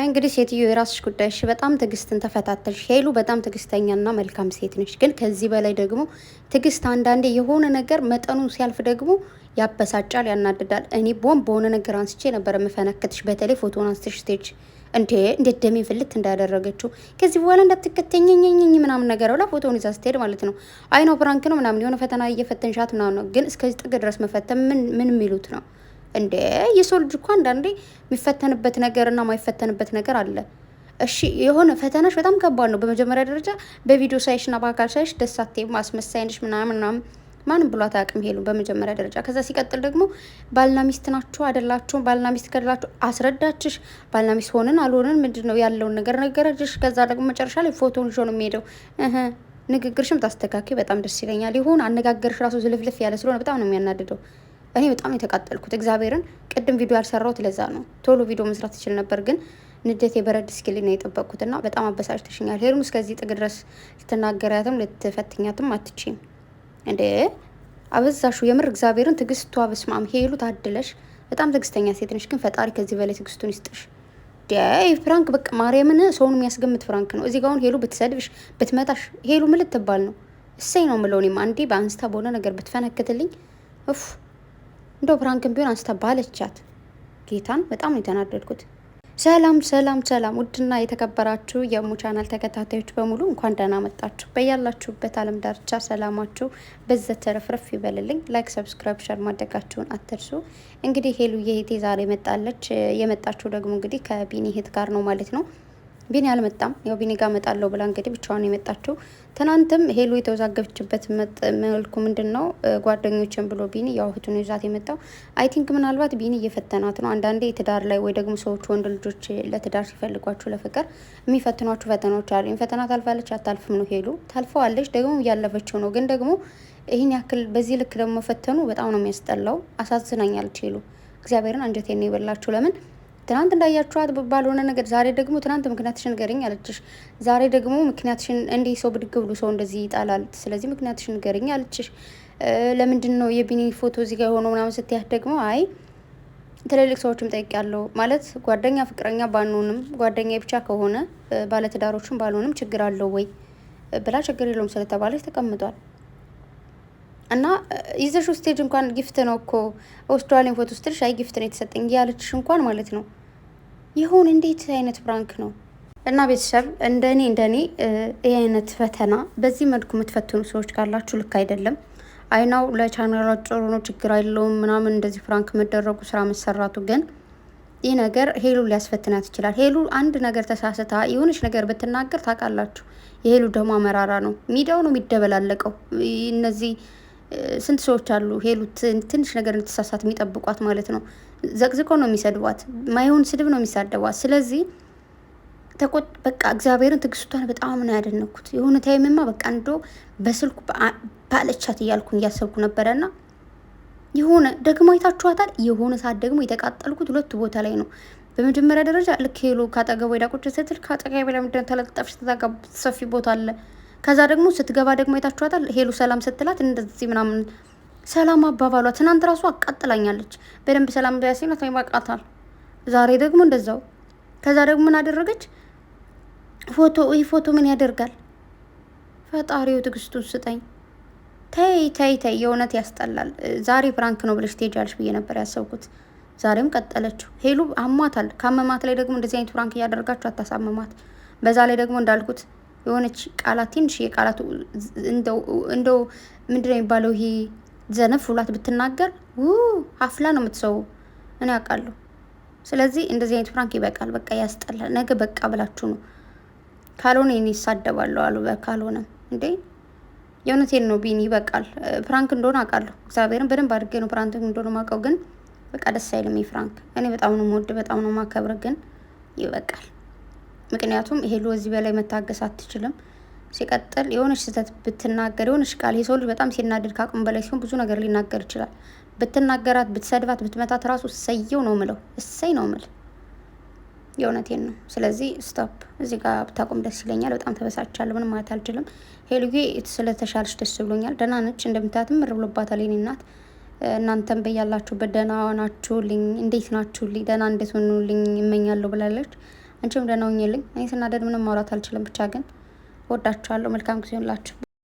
አይ እንግዲህ ሴትዮ የራስሽ ጉዳይ። እሺ በጣም ትግስትን ተፈታተልሽ ሄሉ። በጣም ትዕግስተኛና መልካም ሴት ነች። ግን ከዚህ በላይ ደግሞ ትግስት አንዳንዴ የሆነ ነገር መጠኑ ሲያልፍ ደግሞ ያበሳጫል፣ ያናድዳል። እኔ ቦም በሆነ ነገር አንስቼ ነበር የምፈነክትሽ፣ በተለይ ፎቶን አንስተሽ ስቴጅ እንዴ እንዴት ደሜ ፍልት እንዳደረገችው ከዚህ በኋላ እንዳትከተኘኝኝኝ ምናምን ነገር ብላ ፎቶውን ይዛ ስትሄድ ማለት ነው። አይ ነው ፕራንክ ነው ምናምን የሆነ ፈተና እየፈተንሻት ምናምን ነው። ግን እስከዚህ ጥግ ድረስ መፈተን ምን ምን የሚሉት ነው? እንደ የሰው ልጅ እኮ አንዳንዴ የሚፈተንበት ነገር እና የማይፈተንበት ነገር አለ። እሺ የሆነ ፈተናሽ በጣም ከባድ ነው። በመጀመሪያ ደረጃ በቪዲዮ ሳይሽ እና በአካል ሳይሽ ደሳቴ አስመሳይ ነሽ ምናምን ምናምን ማንም ብሏት አያውቅም። ሄሉ በመጀመሪያ ደረጃ ከዛ ሲቀጥል ደግሞ ባልና ሚስት ናቸው አይደላቸውም። ባልና ሚስት ከደላቸው አስረዳችሽ። ባልና ሚስት ሆንን አልሆንን ምንድን ነው ያለውን ነገር ነገረችሽ። ከዛ ደግሞ መጨረሻ ላይ ፎቶን ይዞ ነው የሚሄደው። ንግግርሽም ታስተካኪ በጣም ደስ ይለኛል። ይሁን አነጋገርሽ ራሱ ዝልፍልፍ ያለ ስለሆነ በጣም ነው የሚያናድደው። እኔ በጣም የተቃጠልኩት እግዚአብሔርን ቅድም ቪዲዮ ያልሰራሁት ለዛ ነው። ቶሎ ቪዲዮ መስራት ይችል ነበር፣ ግን ንደት የበረድ እስኪልኝ ነው የጠበቅኩት ና በጣም አበሳጭተሽኛል። ሄርሙ እስከዚህ ጥግ ድረስ ልትናገሪያትም ልትፈትኛትም አትችም እንዴ አበዛሹ። የምር እግዚአብሔርን ትግስቱ በስማም ሄሉ ታድለሽ። በጣም ትግስተኛ ሴት ነሽ፣ ግን ፈጣሪ ከዚህ በላይ ትግስቱን ይስጥሽ። ፍራንክ በቃ ማርያምን ሰውን የሚያስገምት ፍራንክ ነው። እዚህ ጋሁን ሄሉ ብትሰድብሽ ብትመታሽ ሄሉ ምልትባል ነው? እሰይ ነው ምለውን አንዴ በአንስታ በሆነ ነገር ብትፈነክትልኝ እፍ እንደ ብራንክን ቢሆን ባለቻት ጌታን በጣም ነው የተናደድኩት። ሰላም ሰላም ሰላም! ውድና የተከበራችሁ የሙ ቻናል ተከታታዮች በሙሉ እንኳን ደህና መጣችሁ። በያላችሁበት ዓለም ዳርቻ ሰላማችሁ በዘት ተረፍረፍ ይበልልኝ። ላይክ፣ ሰብስክራይብ፣ ሸር ማድረጋችሁን አትርሱ። እንግዲህ ሄሉ የሄቴ ዛሬ መጣለች። የመጣችሁ ደግሞ እንግዲህ ከቢኒ ሄት ጋር ነው ማለት ነው ቢኒ አልመጣም። ያው ቢኒ ጋር እመጣለሁ ብላ እንግዲህ ብቻዋን የመጣችው። ትናንትም ሄሉ የተወዛገበችበት መልኩ ምንድን ነው ጓደኞችን ብሎ ቢኒ ያው እህቱን ይዛት የመጣው አይ ቲንክ ምናልባት ቢኒ እየፈተናት ነው። አንዳንዴ ትዳር ላይ ወይ ደግሞ ሰዎች ወንድ ልጆች ለትዳር ሲፈልጓችሁ ለፍቅር የሚፈትኗችሁ ፈተናዎች አሉ። ፈተና ታልፋለች አታልፍም ነው ሄሉ ታልፈዋለች፣ ደግሞ እያለፈችው ነው። ግን ደግሞ ይህን ያክል በዚህ ልክ ደግሞ መፈተኑ በጣም ነው የሚያስጠላው። አሳዝናኛል ሄሉ እግዚአብሔርን አንጀቴን የበላችሁ ለምን ትናንት እንዳያችኋት ባልሆነ ነገር ዛሬ ደግሞ ትናንት ምክንያትሽን ንገረኝ አለችሽ። ዛሬ ደግሞ ምክንያትሽን እንዲህ ሰው ብድግ ብሎ ሰው እንደዚህ ይጣላል፣ ስለዚህ ምክንያትሽን ንገረኝ አለችሽ። ለምንድን ነው የቢኒ ፎቶ እዚህ ጋር የሆነው ምናምን ስትያት ደግሞ አይ ትልልቅ ሰዎችም ጠይቄያለሁ ማለት ጓደኛ ፍቅረኛ ባንሆንም ጓደኛ ብቻ ከሆነ ባለትዳሮችም ባልሆንም ችግር አለው ወይ ብላ ችግር የለውም ስለተባለች ተቀምጧል። እና ይዘሽ ስቴጅ እንኳን ጊፍት ነው እኮ ኦስትራሊያን ፎቶ ስትልሽ አይ ጊፍት ነው የተሰጠኝ ያለችሽ እንኳን ማለት ነው ይሁን እንዴት አይነት ፕራንክ ነው? እና ቤተሰብ እንደኔ እንደኔ ይህ አይነት ፈተና በዚህ መልኩ የምትፈትኑ ሰዎች ካላችሁ ልክ አይደለም። አይናው ለቻናሏ ጥሩ ነው፣ ችግር አይለውም ምናምን እንደዚህ ፍራንክ መደረጉ ስራ መሰራቱ ግን ይህ ነገር ሄሉ ሊያስፈትናት ይችላል። ሄሉ አንድ ነገር ተሳስታ የሆነች ነገር ብትናገር ታውቃላችሁ፣ የሄሉ ደግሞ አመራራ ነው። ሚዲያው ነው የሚደበላለቀው እነዚህ ስንት ሰዎች አሉ ሄሉ ትንሽ ነገር እንድትሳሳት የሚጠብቋት ማለት ነው። ዘቅዝቆ ነው የሚሰድቧት፣ ማይሆን ስድብ ነው የሚሳደቧት። ስለዚህ ተቆጥ በቃ እግዚአብሔርን ትግስቷን በጣም ነው ያደነኩት። የሆነ ታይምማ በቃ እንዶ በስልኩ ባለቻት እያልኩኝ እያሰብኩ ነበረና የሆነ ደግሞ አይታችኋታል። የሆነ ሰዓት ደግሞ የተቃጠልኩት ሁለቱ ቦታ ላይ ነው። በመጀመሪያ ደረጃ ልክ ሄሉ ካጠገቡ ሄዳ ቁጭ ስትል ከአጠገቡ ለምንድነው ተለጠፍሽ? ተዛጋ ሰፊ ቦታ አለ ከዛ ደግሞ ስትገባ ደግሞ የታችኋታል ሄሉ ሰላም ስትላት እንደዚህ ምናምን ሰላም አባባሏ ትናንት ራሱ አቃጥላኛለች። በደንብ ሰላም ቢያሲናት ወይም አቃታል። ዛሬ ደግሞ እንደዛው። ከዛ ደግሞ ምን አደረገች? ፎቶ ይህ ፎቶ ምን ያደርጋል? ፈጣሪው ትዕግስቱን ስጠኝ። ተይ ተይ ተይ፣ የእውነት ያስጠላል። ዛሬ ፍራንክ ነው ብለሽ ትሄጃለሽ ብዬ ነበር ያሰብኩት። ዛሬም ቀጠለችው። ሄሉ አሟታል። ካመማት ላይ ደግሞ እንደዚህ አይነት ፍራንክ እያደረጋችሁ አታሳመማት። በዛ ላይ ደግሞ እንዳልኩት የሆነች ቃላት ትንሽ የቃላት እንደው ምንድነው የሚባለው ይሄ ዘነፍ ሁላት ብትናገር ው ሀፍላ ነው የምትሰው። እኔ ያውቃለሁ። ስለዚህ እንደዚህ አይነት ፍራንክ ይበቃል። በቃ ያስጠላል። ነገ በቃ ብላችሁ ነው ካልሆነ እኔ ይሳደባለሁ አሉ። ካልሆነ እንዴ የእውነቴን ነው ቢኒ፣ ይበቃል። ፍራንክ እንደሆነ አውቃለሁ። እግዚአብሔርን በደንብ አድርጌ ነው ፍራንክ እንደሆነ ማውቀው፣ ግን በቃ ደስ አይልም ፍራንክ። እኔ በጣም ነው የምወድ፣ በጣም ነው የማከብር፣ ግን ይበቃል። ምክንያቱም ይሄ ከዚህ በላይ መታገስ አትችልም። ሲቀጥል የሆነች ስህተት ብትናገር የሆነች ቃል የሰው ልጅ በጣም ሲናደድ ከአቅም በላይ ሲሆን ብዙ ነገር ሊናገር ይችላል። ብትናገራት፣ ብትሰድባት፣ ብትመታት ራሱ እሰየው ነው ምለው እሰይ ነው ምል የእውነቴን ነው። ስለዚህ ስቶፕ እዚህ ጋር ብታቆም ደስ ይለኛል። በጣም ተበሳጭቻለሁ። ምንም ማለት አልችልም። ሄሉዬ ስለተሻለች ደስ ብሎኛል። ደህና ነች እንደምታያት ምር ብሎባታል የኔ እናት። እናንተም በያላችሁበት ደህና ናችሁልኝ? እንዴት ናችሁልኝ? ደህና እንዴት ሆኑልኝ? ይመኛለሁ ብላለች። አንቺም ደህና ሁኚልኝ። እኔ ስናደድ ምንም ማውራት አልችልም። ብቻ ግን ወዳችኋለሁ። መልካም ጊዜ ሆንላችሁ።